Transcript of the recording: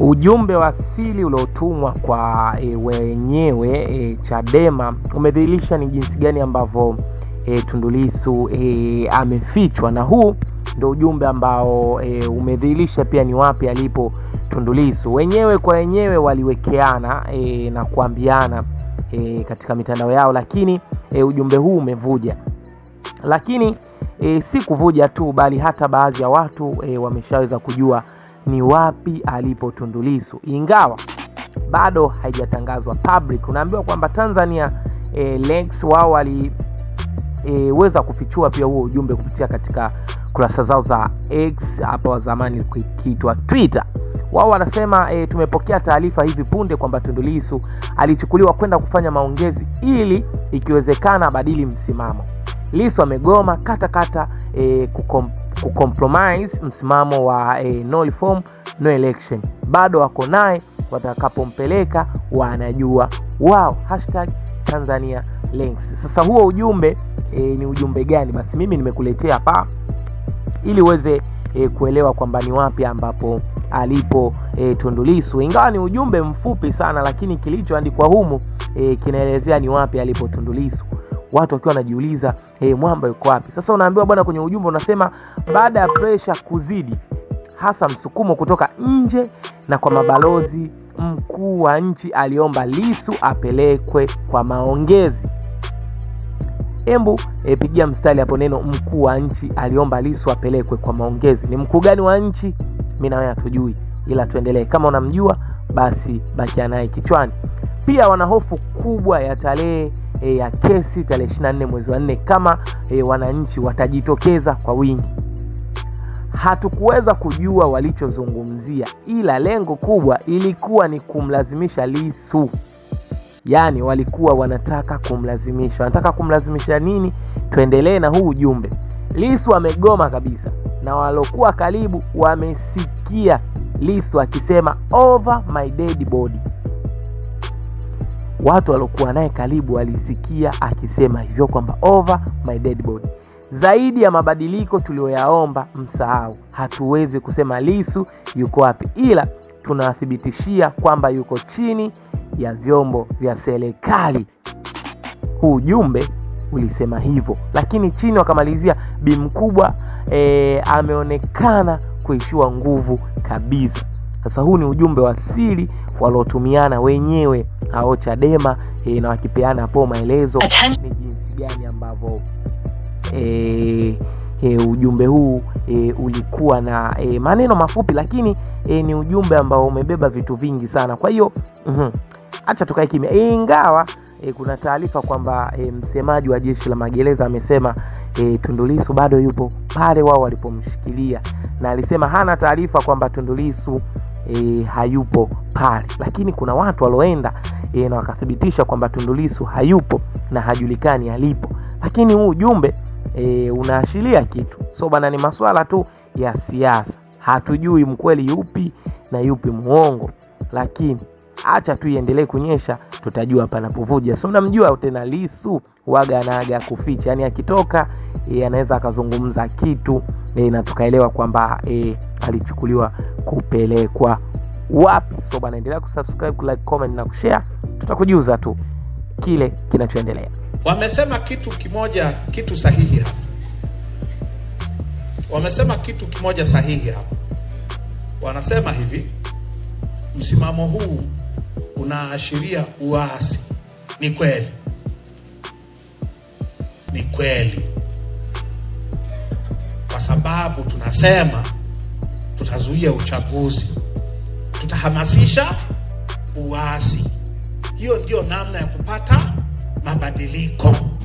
Ujumbe wa siri uliotumwa kwa e, wenyewe e, Chadema umedhihirisha ni jinsi gani ambavyo e, Tundu Lissu e, amefichwa, na huu ndio ujumbe ambao e, umedhihirisha pia ni wapi alipo Tundu Lissu. Wenyewe kwa wenyewe waliwekeana e, na kuambiana e, katika mitandao yao, lakini e, ujumbe huu umevuja, lakini e, si kuvuja tu, bali hata baadhi ya watu e, wameshaweza kujua ni wapi alipo Tundu Lissu, ingawa bado haijatangazwa public. Unaambiwa kwamba Tanzania e, Lex wao waliweza eh, e, kufichua pia huo ujumbe kupitia katika kurasa zao za X, hapo zamani kiitwa Twitter. Wao wanasema e, tumepokea taarifa hivi punde kwamba Tundu Lissu alichukuliwa kwenda kufanya maongezi ili ikiwezekana abadili msimamo. Lissu amegoma katakata e, kukom kucompromise msimamo wa eh, no reform no election. Bado wako naye, watakapompeleka wanajua wao. Hashtag Tanzania Links. Sasa huo ujumbe eh, ni ujumbe gani? Basi mimi nimekuletea hapa ili uweze eh, kuelewa kwamba ni wapi ambapo alipo e, Tundu Ingawa ni ujumbe mfupi sana, lakini kilichoandikwa humu e, kinaelezea ni wapi alipo Tundu watu wakiwa wanajiuliza hey, mwamba yuko wapi? Sasa unaambiwa bwana, kwenye ujumbe unasema baada ya presha kuzidi, hasa msukumo kutoka nje na kwa mabalozi, mkuu wa nchi aliomba Lissu apelekwe kwa maongezi. Embu e, pigia mstari hapo neno mkuu wa nchi aliomba Lissu apelekwe kwa maongezi. Ni mkuu gani wa nchi? Mimi na wewe hatujui, ila tuendelee. Kama unamjua basi bakia naye kichwani. Pia wana hofu kubwa ya tarehe e, ya kesi tarehe 24 mwezi wa 4 kama e, wananchi watajitokeza kwa wingi. Hatukuweza kujua walichozungumzia, ila lengo kubwa ilikuwa ni kumlazimisha Lissu. Yaani walikuwa wanataka kumlazimisha. Wanataka kumlazimisha nini? Tuendelee na huu ujumbe. Lissu amegoma kabisa, na walokuwa karibu wamesikia Lissu akisema over my dead body watu waliokuwa naye karibu walisikia akisema hivyo kwamba over my dead body. Zaidi ya mabadiliko tuliyoyaomba msahau, hatuwezi kusema lisu yuko wapi, ila tunawathibitishia kwamba yuko chini ya vyombo vya serikali. Huu ujumbe ulisema hivyo, lakini chini wakamalizia Bi Mkubwa e, ameonekana kuishiwa nguvu kabisa. Sasa huu ni ujumbe wa siri waliotumiana wenyewe au Chadema e, na wakipeana hapo maelezo ni jinsi gani ambavyo e, e, ujumbe huu e, ulikuwa na e, maneno mafupi lakini e, ni ujumbe ambao umebeba vitu vingi sana. Kwa hiyo mhm, acha tukae kimya, ingawa e, kuna taarifa kwamba e, msemaji wa jeshi la magereza amesema e, Tundu Lissu bado yupo pale wao walipomshikilia, na alisema hana taarifa kwamba Tundu Lissu e, hayupo pale, lakini kuna watu walioenda e, na wakathibitisha kwamba tundulisu hayupo na hajulikani alipo, lakini huu ujumbe e, unaashiria kitu. So bana, ni masuala tu ya siasa, hatujui mkweli yupi na yupi muongo, lakini acha tu iendelee kunyesha, tutajua panapovuja. So mnamjua tena lisu waga anaaga kuficha, yani akitoka e, anaweza akazungumza kitu e, na tukaelewa kwamba e, alichukuliwa kupelekwa wapi? So bana, endelea kusubscribe, kulike, comment na kushare, tutakujuza tu kile kinachoendelea. Wamesema kitu kimoja, kitu sahihi hapa. Wamesema kitu kimoja sahihi hapa, wanasema hivi, msimamo huu unaashiria uasi. Ni kweli, ni kweli, kwa sababu tunasema tutazuia uchaguzi tutahamasisha uasi. Hiyo ndio namna ya kupata mabadiliko.